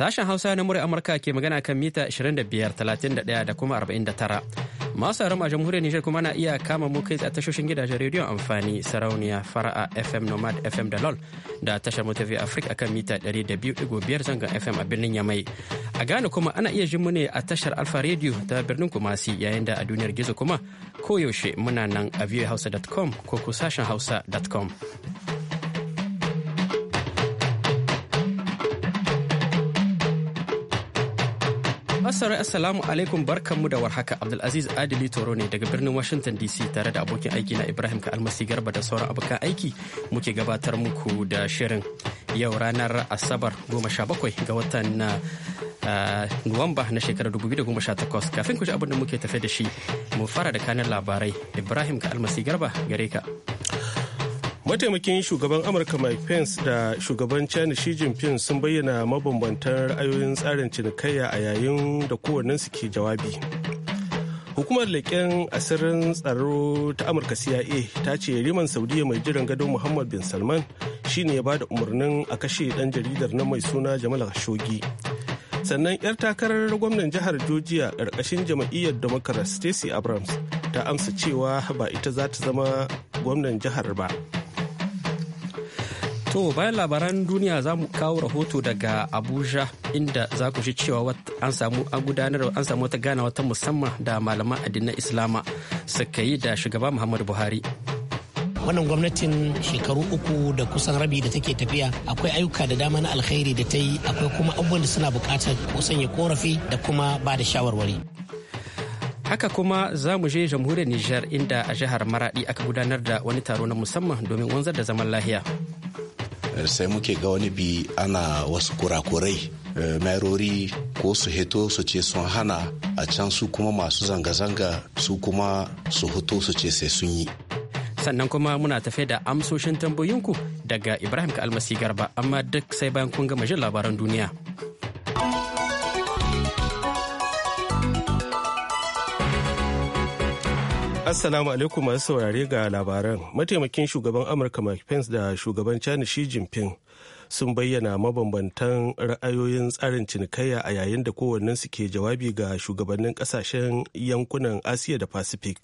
Sashen Hausa na murya Amurka ke magana kan mita 25,31 da kuma 49. Masu a jamhuriyar Nijar kuma na iya kama mu kai a tashoshin gidajen rediyon amfani sarauniya fara'a FM Nomad FM da LOL da tashar mu tafi Africa akan mita 200.5 zangon FM a birnin Yamai. A Ghana kuma ana iya jin mu ne a tashar Alfa Radio ta birnin Kumasi yayin da a duniyar gizo kuma koyaushe muna nan a viewhausa.com ko ku sashen hausa.com. Masar Assalamu alaikum barkanmu da warhaka Abdulaziz Adili Toro ne daga birnin Washington DC tare da abokin aiki na Ibrahim Almasi Garba da sauran abokan aiki muke gabatar muku da shirin yau ranar Asabar 17 ga watan eh, Nuwamba na shekarar 2018 kafin ku ji abin da muke tafe da shi mu fara da kanin labarai Ibrahim Almasi Garba gare ka. mataimakin shugaban amurka mike pence da shugaban china xi jinping sun bayyana mabambantan ra'ayoyin tsarin cinikayya a yayin da kowannensu ke jawabi hukumar leƙen asirin tsaro ta amurka cia ta ce riman saudiya mai jiran gado muhammad bin salman shine ya ba da umarnin a kashe dan jaridar na mai suna jamal khashoggi sannan yar takarar gwamnan jihar georgia ƙarƙashin jama'iyyar democrat stacey abrams ta amsa cewa ba ita za ta zama gwamnan jihar ba To bayan labaran duniya za mu kawo rahoto daga Abuja inda za ku ji cewa an samu an gudanar an samu wata gana wata musamman da malaman addinin Islama suka yi da shugaba Muhammadu Buhari. wannan gwamnatin shekaru uku da kusan rabi da take tafiya akwai ayyuka da dama na alkhairi da ta yi akwai kuma abubuwan da suna bukatar kusan ya korafi da kuma ba da shawarwari haka kuma za mu je jamhuriyar niger inda a jihar maradi aka gudanar da wani taro na musamman domin wanzar da zaman lahiya Eh, sai muke ga wani bi ana wasu kurakurai eh, merori ko su hito su ce sun hana a can su kuma masu zanga-zanga su kuma su hito su ce sai sun yi sannan kuma muna tafe da amsoshin tambayoyinku daga ibrahim ka almasi garba amma duk sai bayan kun gama jin labaran duniya Assalamu alaikum masu saurare ga labaran. Mataimakin shugaban Amurka Mike Pence da shugaban China Xi Jinping sun bayyana mabambantan ra'ayoyin tsarin cinikayya a yayin da kowannensu ke jawabi ga shugabannin kasashen yankunan Asiya da Pacific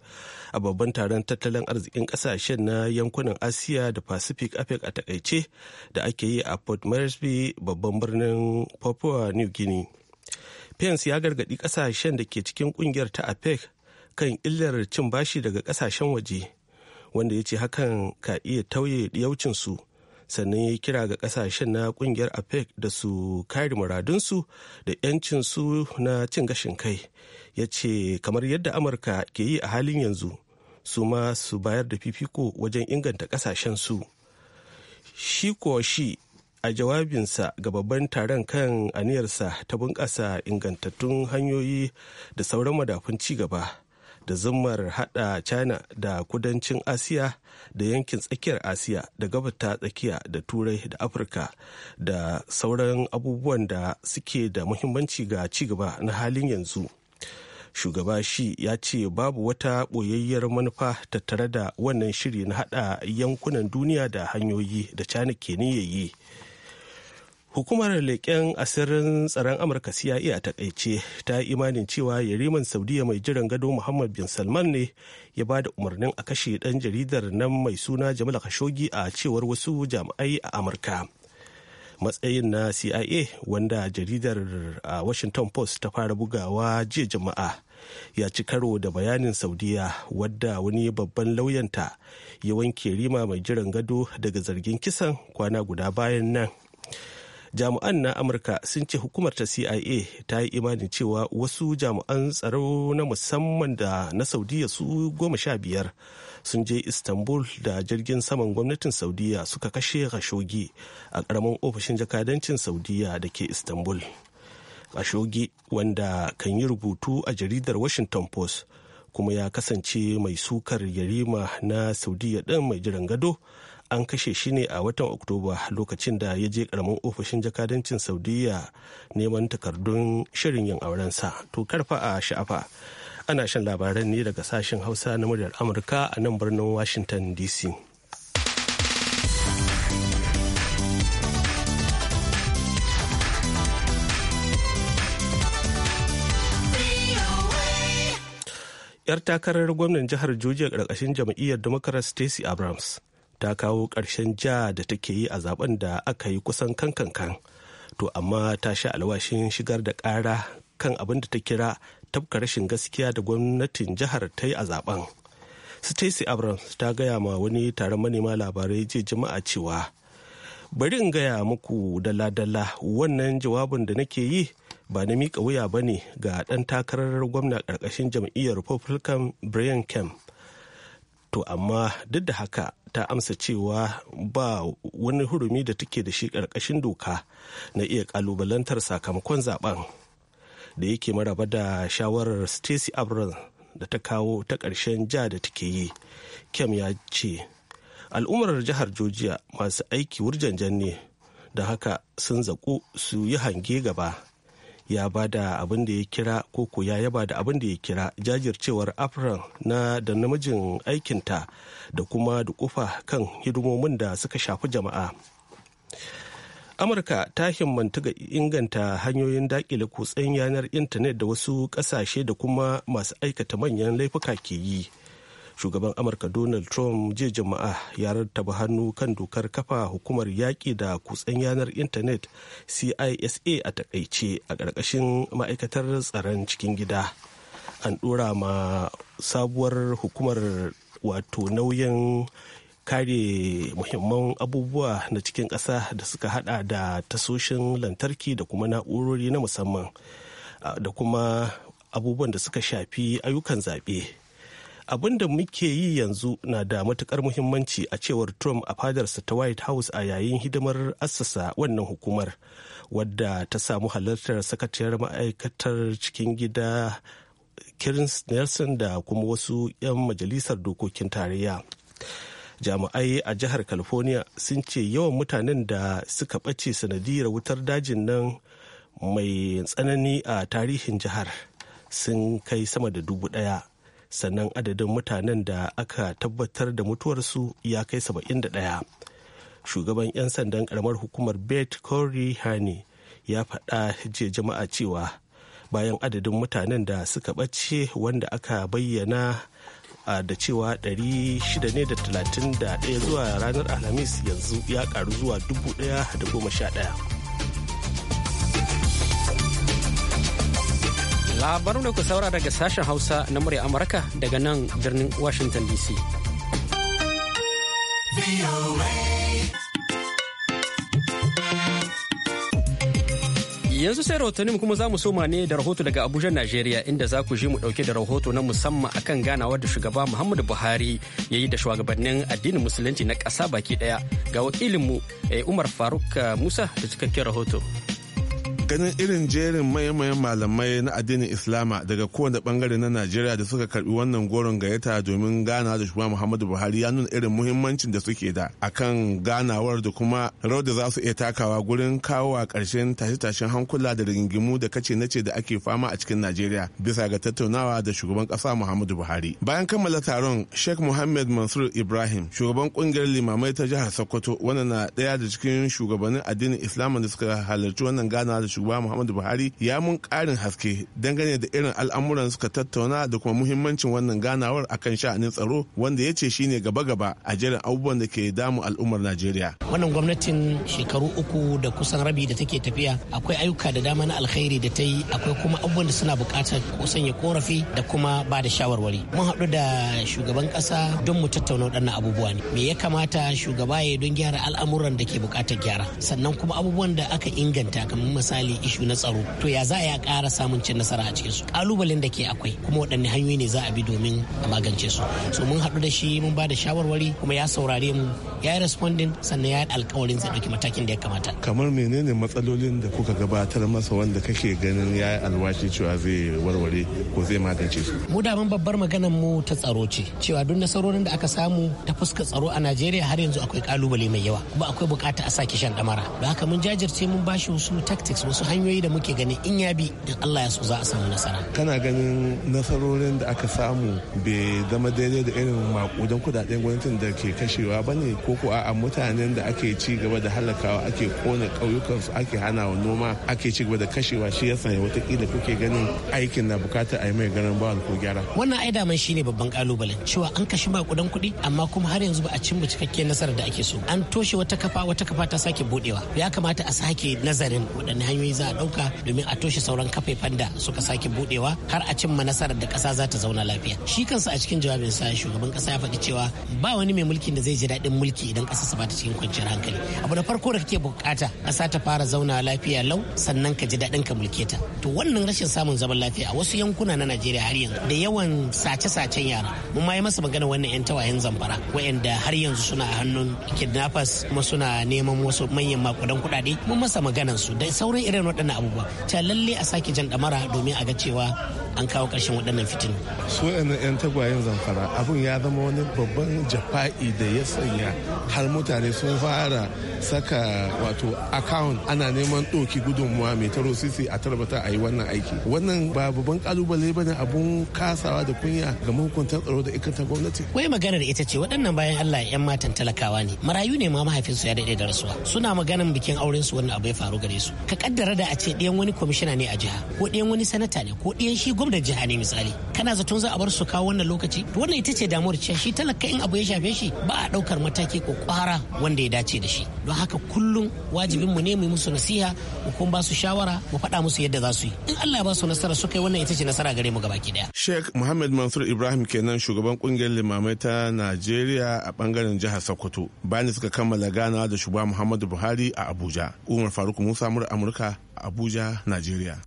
a babban taron tattalin arzikin kasashen na yankunan Asiya da Pacific APEC a takaice da ake yi a Port Moresby babban birnin Papua New Guinea. Pence ya gargaɗi kasashen da ke cikin kungiyar ta APEC kan illar cin bashi daga kasashen waje wanda ya ce hakan ka iya tauye yaucinsu sannan ya kira ga kasashen na kungiyar apec da su kare muradunsu da 'yancinsu na cin gashin kai ya ce kamar yadda amurka ke yi a halin yanzu su ma su bayar da fifiko wajen inganta kasashensu shi ko shi a jawabinsa ga babban taron kan aniyarsa ta bunƙasa ingantattun hanyoyi da sauran madafun ci gaba da zummar hada china da kudancin asiya da yankin tsakiyar asiya da gabata tsakiya da turai da afirka da sauran abubuwan da suke da muhimmanci ga cigaba na halin yanzu shugaba shi ya ce babu wata ɓoyayyar manufa tattare da wannan shiri na hada yankunan duniya da hanyoyi da china ke niyyayi yi hukumar leƙen asirin tsaron amurka cia a takaice ta yi imanin cewa yariman saudiya mai jiran gado muhammad bin salman ne ya ba da umarnin a kashe ɗan jaridar nan mai suna Jamila khashoggi a cewar wasu jami'ai a amurka matsayin na cia wanda jaridar a washington post ta fara bugawa jiya jama'a ya ci karo da bayanin saudiya wadda wani babban lauyanta ya wanke rima mai jiran gado daga zargin kisan kwana guda bayan nan jami'an na amurka sun ce hukumar ta cia ta yi imanin cewa wasu jami'an tsaro na musamman da na saudiya su goma sha biyar sun je istanbul da jirgin saman gwamnatin saudiya suka kashe khashoggi a karamin ofishin jakadancin saudiya da ke istanbul khashoggi wanda kan yi rubutu a jaridar washington post kuma ya kasance mai sukar yarima na saudiya din mai jiran gado an kashe shi ne a watan oktoba lokacin da ya je karamin ofishin jakadancin saudiya neman takardun shirin yin aurensa to karfa a sha'afa ana shan labaran ne daga sashen hausa na muryar amurka a nan birnin washington dc yar takarar gwamnan jihar georgia ƙarƙashin jam'iyyar democrat stacey abrams ta kawo ƙarshen ja da take yi a zaben da aka yi kusan kankankan to amma ta sha alwashin shigar da ƙara kan abin da ta kira tafka rashin gaskiya da gwamnatin jihar ta yi a zaben stacy abrams ta gaya ma wani taron manema labarai jiya jima'a cewa bari in gaya muku dala-dala wannan jawabin da nake yi ba na miƙa wuya ba ne ga ɗan takarar gwamna ƙarƙashin jam'iyyar republican brian kemp to amma duk da haka ta amsa cewa ba wani hurumi da take da shi ƙarƙashin doka na iya ƙalubalantar sakamakon zaben da yake maraba da shawarar stacey abrams da ta kawo ta ƙarshen ja da take yi kem ya ce al'ummar jihar georgia masu aiki wurjanjan ne da haka sun zaƙu su yi hange gaba ya ba da abin da ya kira koko ya yaba da abin da ya kira jajircewar afran na da namijin aikinta da kuma da kufa kan hidimomin da suka shafi jama'a amurka ta himmantu ga inganta hanyoyin dakile kutsen yanar intanet da wasu kasashe da kuma masu aikata manyan laifuka ke yi shugaban amurka donald trump jiya jama'a ya rattaba hannu kan dokar kafa hukumar yaƙi da kutsen yanar intanet cisa a takaice a ƙarƙashin ma'aikatar tsaron cikin gida an ɗora ma sabuwar hukumar wato nauyin kare muhimman abubuwa na cikin ƙasa da suka hada da tasoshin lantarki da kuma na'urori na musamman da kuma abubuwan da suka shafi ayyukan zaɓe abin da muke yi yanzu na da matukar muhimmanci a cewar trump a fadarsa ta white house a yayin hidimar assasa wannan hukumar wadda ta samu halartar sakatiyar ma'aikatar cikin gida kirins nelson da kuma wasu 'yan majalisar dokokin tarayya jami'ai a jihar california sun ce yawan mutanen da suka ɓace sanadiyar wutar dajin nan mai tsanani a tarihin jihar sun kai sama da dubu ɗaya sannan adadin mutanen da aka tabbatar da mutuwarsu ya kai 71 shugaban 'yan sandan karamar hukumar bet corey hani ya faɗa jiya jama'a cewa bayan adadin mutanen da suka ɓace wanda aka bayyana da cewa 631 zuwa ranar alhamis yanzu ya karu zuwa 1,011 labarun da ku saura daga sashen Hausa na murya Amurka daga nan birnin Washington DC. Yanzu sai rahotannin kuma za mu soma ne da rahoto daga Abuja, Najeriya inda za ku ji mu dauke da rahoto na musamman akan ganawar da shugaba Muhammadu Buhari ya yi da shugabannin addinin Musulunci na ƙasa baki ɗaya ga wakilinmu eh, Umar Faruk eh, Musa da cikakken rahoto. ganin irin jerin mayan malamai na addinin islama daga kowane bangare na najeriya da suka karbi wannan goron gayyata domin gana da shugaba muhammadu buhari ya nuna irin muhimmancin da suke da akan ganawar da kuma rawar da za su iya takawa gurin kawo a ƙarshen tashe-tashen hankula da rigingimu da kace nace da ake fama a cikin najeriya bisa ga tattaunawa da shugaban kasa muhammadu buhari bayan kammala taron sheikh muhammad mansur ibrahim shugaban kungiyar limamai ta jihar sokoto wanda na ɗaya da cikin shugabannin addinin islama da suka halarci wannan ganawa da shugaba muhammadu buhari ya mun karin haske dangane da irin al'amuran suka tattauna da kuma muhimmancin wannan ganawar akan sha'anin tsaro wanda ya ce shine gaba-gaba a jerin abubuwan da ke damu al'ummar najeriya wannan gwamnatin shekaru uku da kusan rabi da take tafiya akwai ayyuka da dama na alkhairi da ta yi akwai kuma abubuwan da suna buƙatar sanya korafi da kuma ba da shawarwari mun haɗu da shugaban ƙasa don mu tattauna waɗannan abubuwa ne me ya kamata shugaba ya don gyara al'amuran da ke buƙatar gyara sannan kuma abubuwan da aka inganta kamar misali misali ishu na tsaro to ya za a ya kara samun cin nasara a cikin su kalubalen da ke akwai kuma waɗanne hanyoyi ne za a bi domin a magance su so mun haɗu da shi mun ba da shawarwari kuma ya saurare mu ya yi responding sannan ya yi alkawarin zai ɗauki matakin da ya kamata kamar menene matsalolin da kuka gabatar masa wanda kake ganin ya yi alwashi cewa zai warware ko zai magance su mu da mun babbar maganar mu ta tsaro ce cewa duk nasarorin da aka samu ta fuskar tsaro a Najeriya har yanzu akwai kalubale mai yawa kuma akwai bukata a sake shan damara da haka mun jajirce mun bashi wasu tactics wasu hanyoyi da muke ganin in ya bi in Allah ya so za a samu nasara kana ganin nasarorin da aka samu bai zama daidai da irin makudan kudaden gwamnatin da ke kashewa ba ne ko ko a mutanen da ake ci gaba da halakawa ake kona su ake hana wa noma ake ci gaba da kashewa shi yasa ya watakila kuke ganin aikin na bukatar a yi mai ganin bawal ko gyara wannan ai daman shine babban kalubalen cewa an kashi makudan kuɗi amma kuma har yanzu ba a cimma cikakkiyar nasarar da ake so an toshe wata kafa wata kafa ta sake budewa ya kamata a sake nazarin waɗannan hanyoyi hanyoyi za a ɗauka domin a toshe sauran kafafen da suka sake budewa har a cimma nasarar da ƙasa za ta zauna lafiya shi kansa a cikin jawabin sa shugaban ƙasa ya faɗi cewa ba wani mai mulkin da zai ji daɗin mulki idan ƙasa ba ta cikin kwanciyar hankali abu da farko da kake bukata ƙasa ta fara zauna lafiya lau sannan ka ji daɗin ka mulke ta to wannan rashin samun zaman lafiya a wasu yankuna na Najeriya har yanzu da yawan sace-sacen yara mun ma yi masa magana wannan 'yan tawayen zamfara wayanda har yanzu suna a hannun kidnappers kuma suna neman wasu manyan makudan kuɗaɗe mun masa maganan su da sauran irin waɗannan abubuwa ta lalle a sake jan damara domin a ga cewa an kawo ƙarshen waɗannan fitin. su waɗannan 'yan tagwayen zamfara abun ya zama wani babban jafa'i da ya sanya har mutane sun fara saka wato account ana neman ɗoki gudunmuwa mai taro sisi a tarbata a yi wannan aiki wannan ba babban kalubale ne abun kasawa da kunya ga mahukuntan tsaro da ikanta gwamnati wai maganar ita ce waɗannan bayan Allah yan matan talakawa ne marayu ne ma mahaifinsu ya daɗe da rasuwa suna maganan bikin auren su wannan abu ya faru gare su ka kaddara da a ce ɗayan wani kwamishina ne a jiha ko ɗayan wani sanata ne ko ɗayan shi gwamnan jiha ne misali kana zaton za a bar su kawo wannan lokaci to wannan ita ce damuwar cewa shi talaka in abu ya shafe shi ba a daukar mataki ko kwara wanda ya dace da shi don haka kullum wajibin mu ne mu musu nasiha mu kuma ba su shawara mu faɗa musu yadda za su yi in Allah ya ba su nasara su kai wannan ita ce nasara gare mu gabaki daya Sheikh Muhammad Mansur Ibrahim kenan shugaban kungiyar limamai ta Najeriya a bangaren jihar Sokoto bayan suka kammala ganawa da shugaba Muhammadu Buhari a Abuja Umar Faruk Musa Amurka a Abuja Najeriya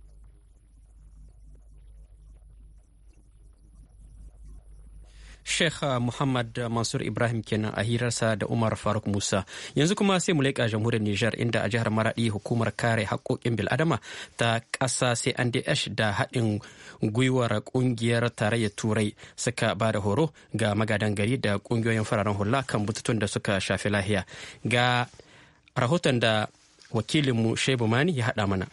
Sheikh uh, Muhammad uh, Mansur Ibrahim kenan a hirarsa da Umar Faruk Musa. Yanzu kuma sai mu leƙa jamhuriyar Nijar inda a jihar Maradi hukumar kare haƙoƙin bil'adama ta ƙasa sai an da haɗin gwiwar ƙungiyar tarayyar Turai suka ba da horo ga magadan gari da ƙungiyoyin fararen hula kan bututun da suka shafi lahiya. Ga rahoton da wakilinmu Shebu Mani ya haɗa mana.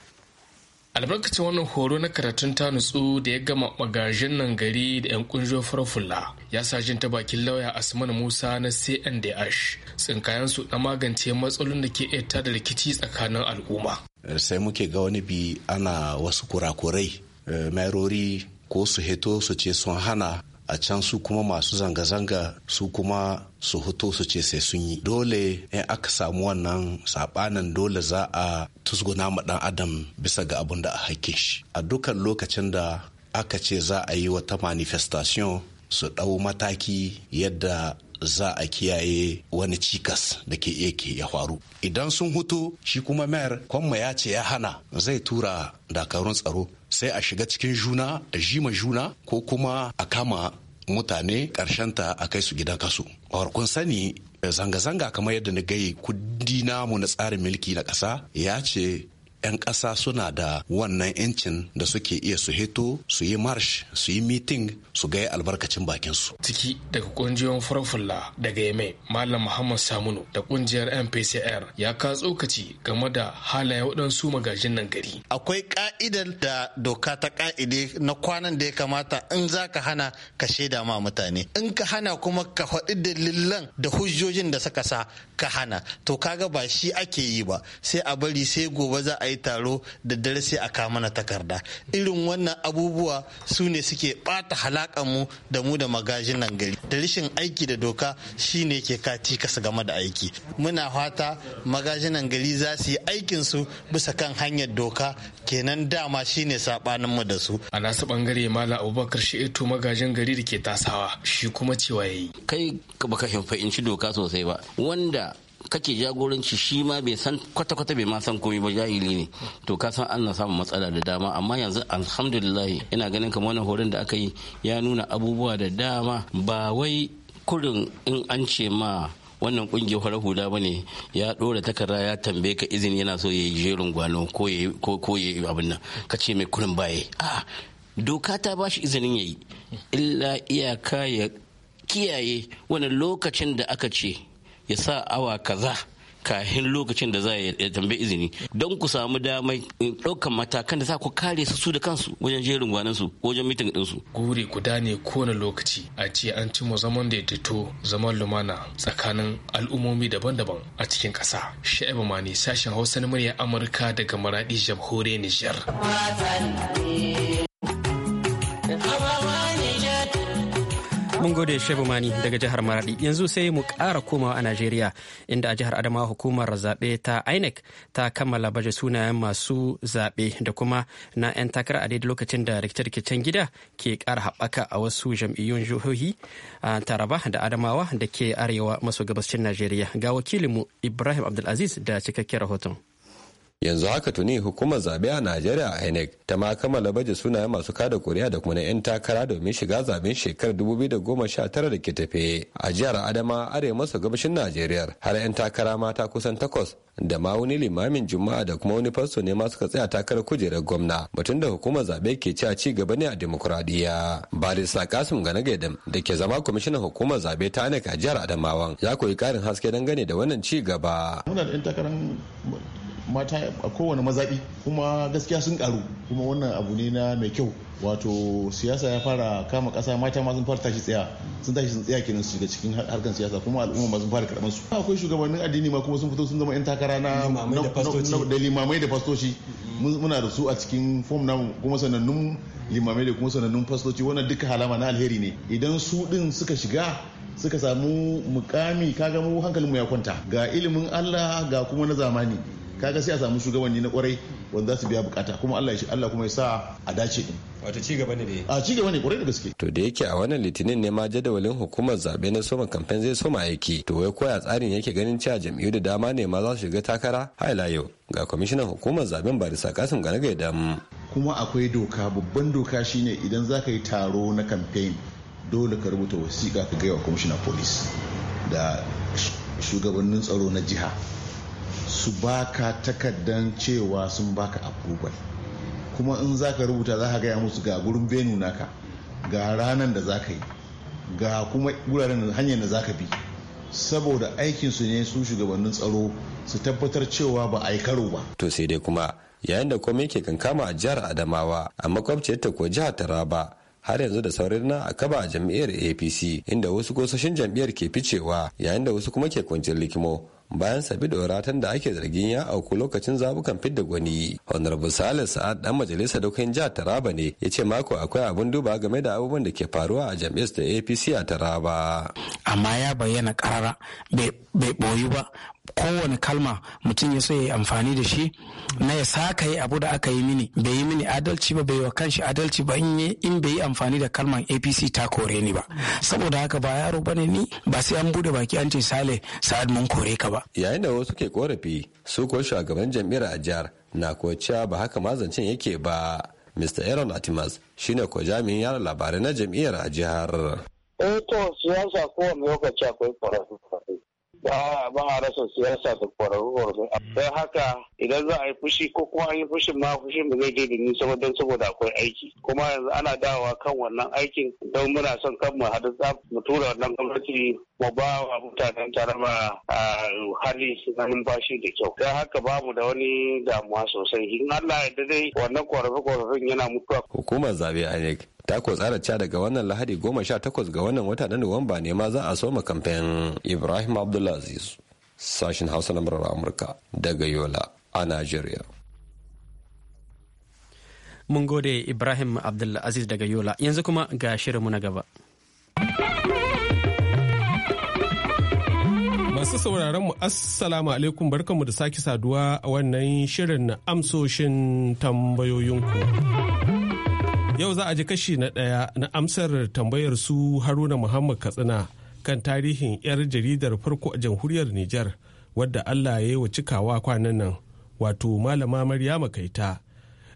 albarkacin wannan horo na karatun ta nutsu da ya gama magajin nan gari da 'yan kunjo farfulla ya sajin ta bakin lauya asman musa na cndh tsinkayen su na magance matsalolin da ke iya da rikici tsakanin al'umma eh, sai muke ga wani bi ana wasu kurakurai eh, merori ko su heto su ce sun hana a can su kuma masu zanga-zanga su kuma su hito su ce sai sun yi dole in aka samu wannan sabanin dole za a tusguna ma dan adam bisa ga abin da a hakkin shi a dukkan lokacin da aka ce za a yi wata manifestation su ɗau mataki yadda za a kiyaye wani cikas da ke iya ya faru idan sun hutu shi kuma mayar kwamma ya ce ya hana zai tura dakarun tsaro sai a shiga cikin juna a jima juna ko kuma a kama mutane ta a kai su gidan kaso. kun sani eh, zanga-zanga kamar yadda na gai kudi namu na tsarin mulki na ƙasa ya ce 'yan ƙasa suna da wannan 'yancin da suke iya su hito su yi marsh su yi meeting, su gaya albarkacin bakinsu. ciki daga kungiyoyin farfulla daga yame malam muhammad samunu da kungiyar mpcr ya ka tsokaci game da halaye waɗansu magajin nan gari akwai ƙa'idar da doka ta ka'ide na kwanan da ya kamata in za ka hana ka shaida ma mutane in ka hana kuma ka faɗi dalilan da hujjojin da suka sa ka hana to kaga ba shi ake yi ba sai a bari sai gobe za a a yi taro da dare sai a kama na takarda irin wannan abubuwa su ne suke bata halakan mu da mu da magajin nan gari da rashin aiki da doka shine ke kati kasa game da aiki muna fata magajin nan gari za su yi aikin su bisa kan hanyar doka kenan dama shine sabanin mu da su a nasu bangare mala abubakar shi eto magajin gari da ke tasawa shi kuma cewa yayi kai baka himfa in doka sosai ba wanda kake jagoranci shi ma bai san kwata-kwata bai ma san komai ba jahili ne to ka san an na samun matsala da dama amma yanzu alhamdulillah ina ganin kamar wannan horon da aka yi ya nuna abubuwa da dama ba wai kurin in an ce ma wannan kungiyar farar hula ba ne ya dora takarda ya tambaye ka izini yana so ya yi jerin gwano ko ya yi abin nan ka ce mai kurin baye doka ta ba shi izinin ya yi illa iyaka ya kiyaye wani lokacin da aka ce ya sa awa kaza kahin lokacin da za ya tambe izini don ku samu in eh, ɗaukan matakan da za ku kare su su da kansu wajen jerin gwanin su wajen mitin din su gure guda ne kowane lokaci a ce an cimo zaman da ya zaman lumana tsakanin al'ummomi daban-daban a cikin kasa. sha'ibu mani sashen hausa na murya amurka daga maraɗi jamhuriyar nijar gode Shehu Mani daga jihar Maradi. Yanzu sai mu ƙara komawa a Najeriya inda a jihar Adamawa hukumar zaɓe ta INEC ta kammala baje sunayen masu zaɓe da kuma na 'yan takara a daidai lokacin da rikice-rikicen gida ke kara haɓaka a wasu jam'iyyun jihohi a Taraba da Adamawa da ke arewa maso gabashin Najeriya. Ga wakilinmu Ibrahim Abdulaziz da cikakken rahoton. yanzu haka tuni hukumar zabe a najeriya inec ta ma kammala baje sunaye masu kada kuri'a da kuma na 'yan takara domin shiga zaben shekarar 2019 da ke tafe a jihar adama arewa masa gabashin najeriya har 'yan takara mata kusan takwas da ma wani limamin juma'a da kuma wani fasto ne ma suka tsaya takarar kujerar gwamna batun da hukumar zabe ke cewa ci gaba ne a demokuraɗiyya barista kasim gaidam da ke zama kwamishinan hukumar zabe ta inec a jihar adamawan ya koyi karin haske dangane da wannan ci gaba mata a kowane mazaɓi kuma gaskiya sun karu kuma wannan abu ne na mai kyau wato siyasa ya fara kama ƙasa mata ma sun fara tashi tsaya sun tashi sun tsaya kenan su shiga cikin harkar siyasa kuma al'umma ma sun fara karɓar su akwai shugabannin addini ma kuma sun fito sun zama yan takara na da limamai da fastoci muna da su a cikin fom namu kuma sanannun limamai da kuma sanannun fastoci wannan duka halama na alheri ne idan su din suka shiga suka samu mukami kaga mu hankalinmu ya kwanta ga ilimin Allah ga kuma na zamani kaga sai a samu shugabanni na kwarai wanda su biya bukata kuma Allah ya Allah kuma ya sa a dace din wato ci gaba ne dai a ci gaba ne kwarai da gaske to da yake a wannan litinin ne ma jadawalin hukumar zabe na soma kamfen zai soma aiki to wai koya tsarin yake ganin cewa jam'iyyu da dama ne ma za su shiga takara haila yau ga kwamishinan hukumar zaben barisa kasim ganaga damu kuma akwai doka babban doka shine idan za yi taro na kamfen dole ka rubuta wasiƙa ka gaya wa kwamishinan polis da shugabannin tsaro na jiha su baka takardan cewa sun baka approval kuma in zaka rubuta za ka gaya musu ga gurin benu naka ga ranar da za ka yi ga kuma wuraren hanyar da za ka bi saboda aikinsu ne su shugabannin tsaro su tabbatar cewa ba a yi karo ba. To sai dai kuma yayin da komai ke kankama a jihar Adamawa a makwabciyar ta ko jihar Taraba har yanzu da saurin na a kaba a jam'iyyar APC inda wasu gosashin jam'iyyar ke ficewa yayin da wasu kuma ke kwanciyar likimo bayan sabi da waratan da ake zargin ya auku lokacin zabukan fidda gwani honorable salis sa'ad dan majalisa dokokin jihar taraba ne ya ce mako akwai abin duba game da abubuwan da ke faruwa a jam'iyyar da apc a taraba amma ya bayyana karara bai boyu ba kowane kalma mutum ya so ya yi amfani da shi na ya saka yi abu da aka yi mini bai yi mini adalci ba bai wa kanshi adalci ba in bai yi amfani da kalman apc ta kore ni ba saboda haka ba yaro bane ni ba sai an bude baki an ce sale sa'ad mun kore ka ba yayin da wasu ke korafi su ko shugaban jam'iyyar a jihar na kociya ba haka zancen yake ba mr aaron atimas shine ko jami'in yara labarai na jam'iyyar a jihar eh to siyasa kowane lokaci akwai korafi Ah, ba a rasa siyasa da kwararru kwararru mm. don haka idan za a yi fushi ko kuma an yi fushin ma fushin ba zai je da nisa don saboda akwai aiki kuma yanzu ana dawowa kan wannan aikin don muna son kan mu haɗu tsaf mu tura wannan gwamnati mu ba wa mutanen tarama a ah, hali na numfashi da kyau don haka babu da wani damuwa sosai in Allah ya dai wannan kwararru kwararrun yana mutuwa hukumar zabe INEC ta ko tsara ca daga wannan lahadi goma sha takwas ga wannan wata na nuwamba ne ma za a soma kamfen ibrahim abdulaziz sashen hausa na murar amurka daga yola a nigeria mun gode ibrahim abdulaziz daga yola yanzu kuma ga shirinmu na gaba Masu sauraron mu assalamu alaikum barkanmu da sake saduwa a wannan shirin amsoshin tambayoyinku. Yau za a ji kashi na ɗaya na amsar tambayar su Haruna Muhammad Katsina kan tarihin 'yar jaridar farko a jamhuriyar Nijar wadda Allah ya yi wa cikawa kwanan nan wato Malama Maryama Kaita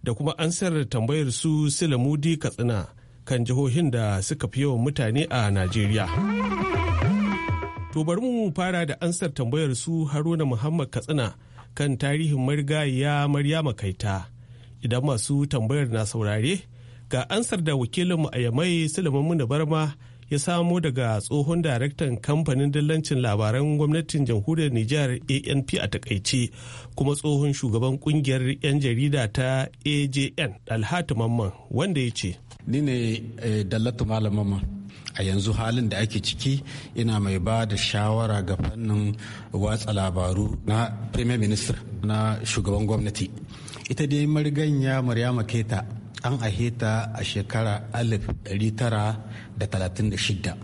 da kuma ansar tambayar su Silamudi Katsina kan jihohin da suka fi yawan mutane a Najeriya. To bari mu fara da ansar tambayar su Haruna Muhammad Katsina kan tarihin marigayiya Maryama Kaita. Idan masu tambayar na saurare Ga ansar da wakilinmu a Yamai sulaiman Muna Barma ya samo daga tsohon daraktan kamfanin dillancin labaran gwamnatin jamhuriyar Nijar ANP a takaice kuma tsohon shugaban kungiyar 'yan jarida ta AJN alhati Mamman wanda ya ce. Ni ne eh, dallatu Malam A yanzu halin da ake ciki ina mai ba da shawara ga fannin watsa labaru na Premier Minister na shugaban gwamnati. Ita dai marganya Maryama Keta an ta a shekara 1936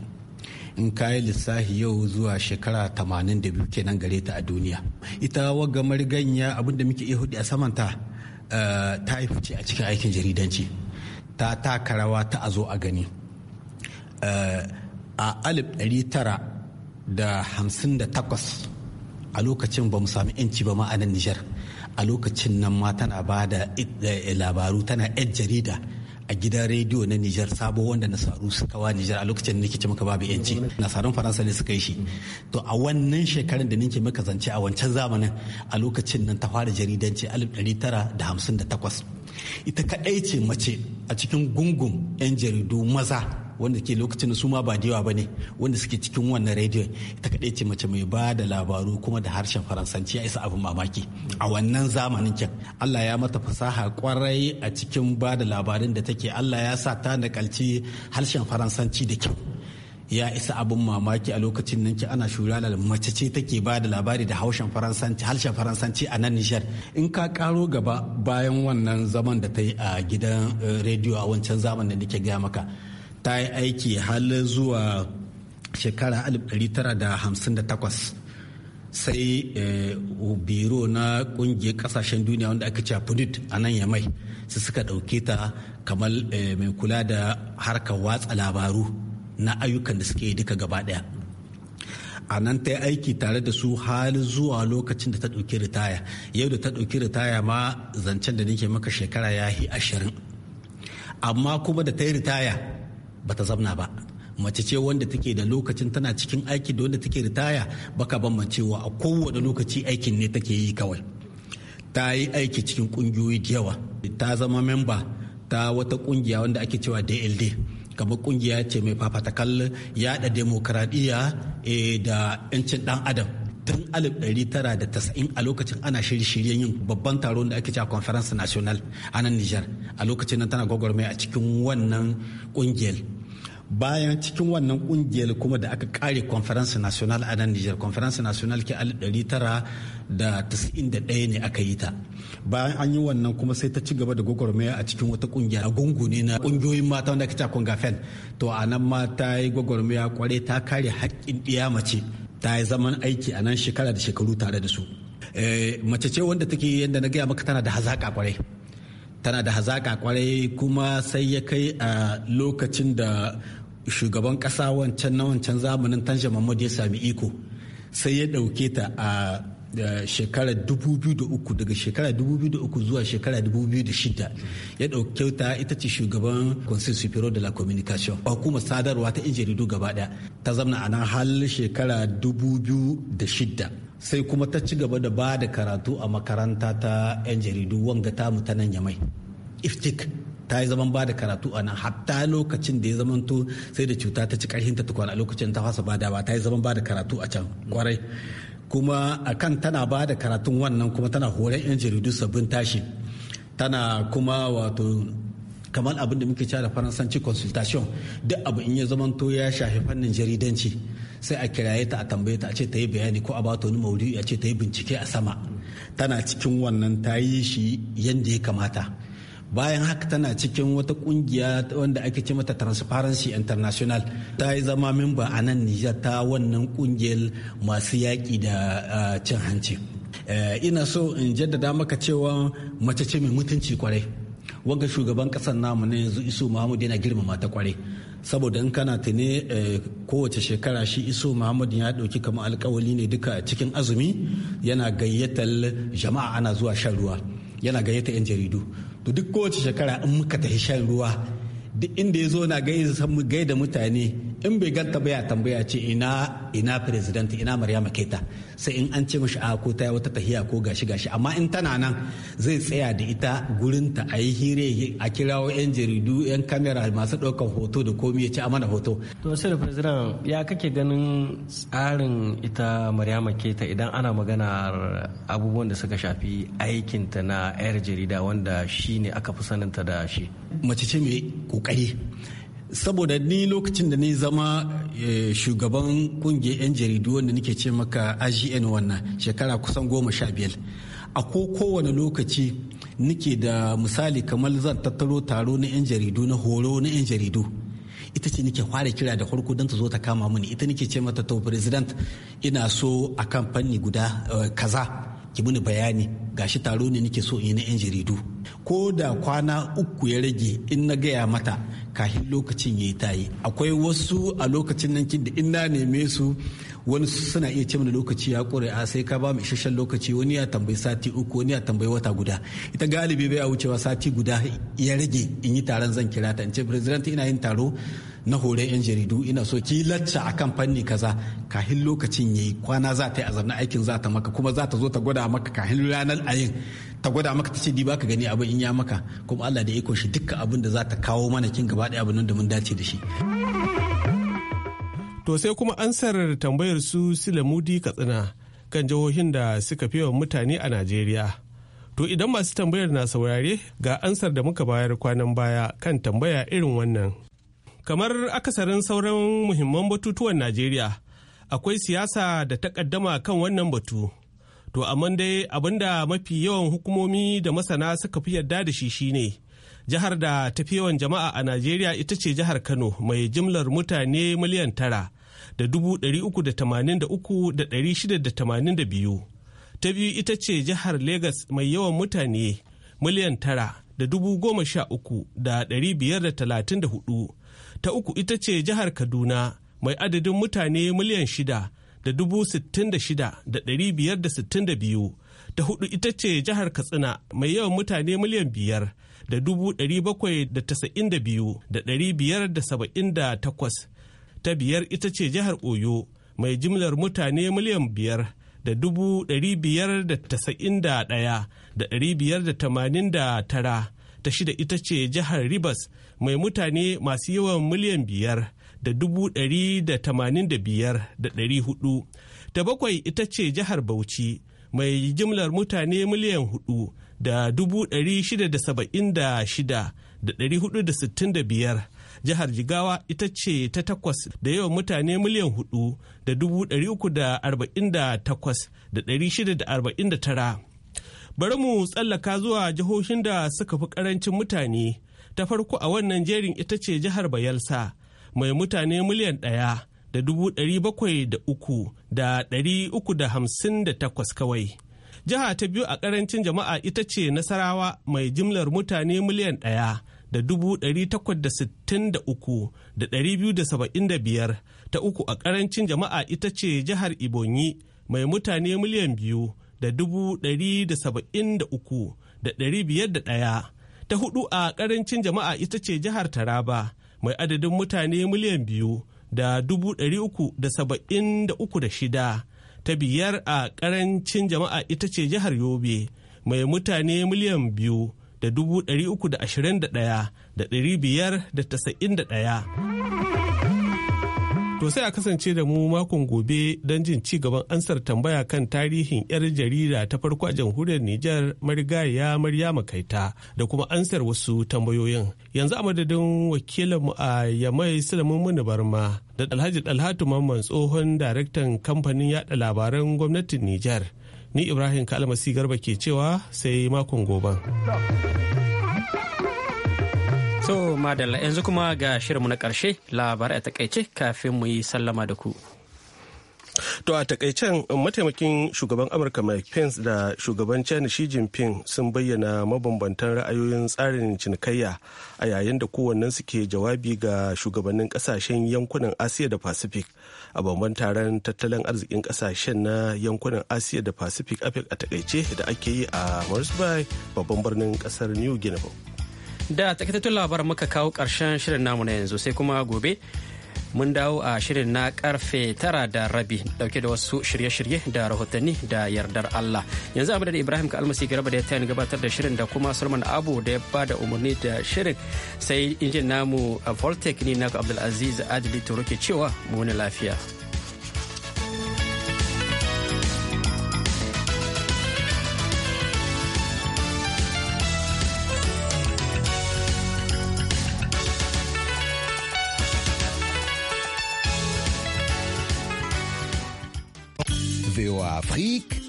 in kayi lissafi yau zuwa shekara 82 kenan gare ta a duniya ita waga ganya abinda muke iya hudu a samanta eh, ta yi fice a cikin aikin jaridanci ta taka rawa ta a zo a gani eh, a 1958 a lokacin ba mu sami 'yanci ba ma a nan nijar a lokacin nan ma tana ba da eh, labaru tana yan jarida a gidan rediyo na Nijar sabo wanda nasaru suka wa Nijar a lokacin da nake maka babu yanci nasarun Faransa ne suka yi shi to a wannan shekarun da nake maka zance a wancan zamanin a lokacin nan ta fara jaridanci 1958 ita kaɗai ce mace a cikin gungun 'yan jaridu maza wanda ke lokacin su ma ba yawa ba ne wanda suke cikin wannan rediyo ita kaɗai ce mace mai ba da labaru kuma da harshen faransanci ya isa abin mamaki a wannan zamanin kyan allah ya mata fasaha kwarai a cikin ba da labarin da take allah ya sa ta nakalci harshen faransanci da kyau ya isa abin mamaki a lokacin nan ki ana shulala mace ce take ba da labari da haushen faransanci harshen faransanci a nan nishar in ka karo gaba bayan wannan zaman da ta yi a gidan eh, rediyo a wancan zaman da nake gaya maka ta yi aiki har zuwa shekara 1958 sai eh, biro na kungiyar kasashen duniya wanda aka ce pudit a nan yamai su suka dauke ta kamar eh, mai kula da harkar watsa labaru na ayyukan da suke duka gaba daya a nan ta yi aiki tare da su har zuwa lokacin da ta ɗauki ritaya yau da ta ɗauki ritaya ma zancen da nake maka shekara ya yi ashirin amma kuma da ta yi ritaya ba ta zamna ba mace ce wanda take da lokacin tana cikin aiki da wanda take ritaya baka wa. a kowane lokaci aikin ne take yi kawai ta yi aiki cikin ƙungiyoyi da yawa ta zama memba ta wata ƙungiya wanda ake cewa dld kamar kungiya ce mai fafatakal yada demokradiyya eh, da 'yancin dan adam tun 1990 a lokacin ana shirye-shiryen yin babban taro da ake cewa conference national a nan niger a lokacin nan tana gwagwarmaya a cikin wannan kungiyar bayan cikin wannan kungiyar kuma da aka kare conference national a nan Niger conference national ke 1991 ne aka yi ta bayan an yi wannan kuma sai ta ci gaba da gwagwarmaya a cikin wata kungiya a gungune na kungiyoyin mata wanda ake cewa Fen to a nan ma ta yi gwagwarmaya kwarai ta kare haƙƙin ɗiya mace ta yi zaman aiki a nan shekara da shekaru tare da su eh, mace ce wanda take yadda na gaya maka tana da hazaƙa kwarai tana da hazaƙa kwarai kuma sai ya kai a lokacin da shugaban ƙasa wancan na wancan zamanin tanja mahmud ya sami iko sai ya ɗauke ta a shekara 2003 daga shekara 2003 zuwa shekara 2006 ya ɗauke ta ita ce shugaban consul superior de la communication kuma sadarwa ta injiridu gaba ɗaya ta zamana a nan hal shekara 2006 sai kuma ta ci gaba da ba da karatu a makaranta ta 'yan jaridu wanga ta mu ta nan ya mai. iftik ta yi zaman ba da karatu a nan hatta lokacin da ya to sai da cuta ta ci karhin ta tukwana a lokacin ta fasa bada ba ta yi zaman ba da karatu a can kwarai kuma a kan tana ba da karatun wannan kuma tana horon 'yan jaridu sabbin tashi tana kuma wato kamar abin da muke cewa da faransanci consultation duk abu in ya zamanto ya shafi fannin jaridanci sai a kiraye ta a tambaye ta a ce ta yi bayani ko a ba ta wani maudu'i a ce ta yi bincike a sama tana cikin wannan ta yi shi yadda ya kamata bayan haka tana cikin wata kungiya wanda ake ce mata transparency international ta yi zama mimba a nan nijar ta wannan kungiyar masu yaƙi da cin hanci eh, ina so in jaddada maka cewa mace ce mai mutunci kwarai wanga shugaban kasar namu na yanzu isu muhammadu yana girmama ta kwarai saboda in kana tuni eh, kowace shekara shi iso muhammadu ya ɗauki kamar alkawali ne duka cikin azumi yana gayyatar jama'a ana zuwa shan ruwa yana gayyata 'yan jaridu to duk kowace shekara in muka tafi shan ruwa duk inda ya zo na gaida mutane in bai ganta ba ya tambaya ce ina ina president ina maryama keta sai in an ce mashi a ko ta wata tahiya ko gashi gashi amma in tana nan zai tsaya da ita gurinta a yi hire a kirawo yan jaridu yan kamera masu ɗaukan hoto da komi ya ci a mana hoto to sir president ya kake ganin tsarin ita maryama keta idan ana maganar abubuwan da suka shafi aikinta na yar jarida wanda shine aka fi saninta da shi mace ce mai kokari saboda ni lokacin da ni zama eh, shugaban kungiyar 'yan jaridu wanda nake ce maka agn wannan shekara kusan goma sha biyar a ko kowane lokaci nake da misali kamar zan tattaro taro na 'yan jaridu na horo na 'yan jaridu ita ce nike fara kira da farko don ta zo ta kama mini ita nike ce mata to president ina so a fanni guda eh, kaza ki mini bayani Ga shi taro ne nake so in yi na 'yan jaridu ko da kwana uku ya rage in na gaya mata kahin lokacin ya yi tayi akwai wasu a lokacin nan kin da in na neme su wani suna iya ce mana lokaci ya kure a sai ka ba mu isasshen lokaci wani ya tambayi sati uku wani ya tambayi wata guda ita galibi bai wucewa sati guda ya rage in yi taron zan kira ta in ce president ina yin taro na hore 'yan jaridu ina so ki lacca a kan fanni kaza kahin lokacin ya yi kwana za ta yi a aikin za ta maka kuma za ta zo ta gwada maka kahin ranar ayin ta gwada maka ta ce di baka gani abin in ya maka kuma Allah da iko shi dukkan abin da za ta kawo mana kin gaba ɗaya abin da mun dace da shi. To sai kuma ansar tambayar su Silamudi Katsina kan jihohin da suka fi yawan mutane a Najeriya. To idan masu tambayar na saurare ga ansar da muka bayar kwanan baya kan tambaya irin wannan. Kamar akasarin sauran muhimman batutuwan Najeriya, akwai siyasa da ta takaddama kan wannan batu. To amma dai abinda mafi yawan hukumomi da masana suka fi yarda da shi shine jihar da tafi yawan jama'a a Najeriya ita ce jihar Kano mai jimlar mutane miliyan tara da dubu ɗari uku da tamanin da uku da ɗari shida da tamanin da biyu. Ta biyu ita ce jihar Legas mai yawan mutane miliyan tara da dubu goma sha uku da ɗari biyar da talatin da hudu. Ta uku ita ce jihar Kaduna mai adadin mutane miliyan shida da dubu sittin da shida da dari biyar da sittin da biyu ta hudu ita ce jihar katsina mai yawan mutane miliyan biyar da dubu dari bakwai da tasa'in da biyu da dari biyar da saba'in da takwas ta biyar ita ce jihar oyo mai jimlar mutane miliyan biyar da dubu dari biyar da tasa'in da ɗaya da dari biyar da tamanin da tara ta shida ita ce jihar ribas mai mutane masu yawan miliyan biyar da dubu ɗari da tamanin da biyar da ɗari hudu ta bakwai ita ce jihar bauchi mai jimlar mutane miliyan hudu da dubu ɗari shida da saba'in da shida da ɗari hudu da sittin da biyar jihar jigawa ita ce ta takwas da yawan mutane miliyan hudu da dubu ɗari uku da arba'in da takwas da ɗari shida da arba'in da tara bari mu tsallaka zuwa jihohin da suka fi karancin mutane ta farko a wannan jerin ita ce jihar bayelsa mai mutane miliyan ɗaya da dubu ɗari bakwai da uku da ɗari uku da hamsin da takwas kawai. Jiha ta biyu a ƙarancin jama'a ita ce Nasarawa mai jimlar mutane miliyan ɗaya da dubu ɗari takwas da sittin da uku da ɗari biyu da saba'in da biyar ta uku a ƙarancin jama'a ita ce jihar Ibonyi mai mutane miliyan biyu da dubu ɗari da saba'in da uku da ɗari biyar da ɗaya ta hudu a ƙarancin jama'a ita ce jihar Taraba mai adadin mutane miliyan biyu da dubu ɗari uku da saba'in da uku da shida ta biyar a ƙarancin jama'a ita ce jihar yobe mai mutane miliyan biyu da dubu ɗari uku da ashirin da ɗaya da ɗari biyar da tasa'in da ɗaya. To sai a kasance da mu makon gobe don jin ci gaban ansar tambaya kan tarihin 'yar jarida ta farko a jamhuriyar Nijar marigaya Maryama Kaita da kuma ansar wasu tambayoyin. Yanzu a madadin wakilinmu a Yamai Sulaiman Muni Barma da Alhaji Dalhatu Mamman tsohon daraktan kamfanin yada labaran gwamnatin Nijar. Ni Ibrahim Kalmasi Garba ke cewa sai makon goben. To madalla yanzu kuma ga shirinmu na ƙarshe labarai a takaice kafin mu yi sallama da ku. To a takaicen mataimakin shugaban Amurka Mike Pence da shugaban China Xi Jinping sun bayyana mabambantan ra'ayoyin tsarin cinikayya a yayin da kowannensu suke jawabi ga shugabannin kasashen yankunan Asiya da Pacific a babban taron tattalin arzikin kasashen na yankunan Asiya da Pacific a takaice da ake yi a Bay babban birnin kasar New Guinea. da takaitattun labaran muka kawo ƙarshen shirin namu na yanzu sai kuma gobe mun dawo a shirin na karfe tara da rabi dauke da wasu shirye-shirye da rahotanni da yardar Allah yanzu abu da Ibrahim Almasi garba da ya tayin gabatar da shirin da kuma Sulman Abu da ya bada umarni da shirin sai injin namu a Voltec ni na Abdulaziz Adili Turo ke cewa mu lafiya. VOA Afrique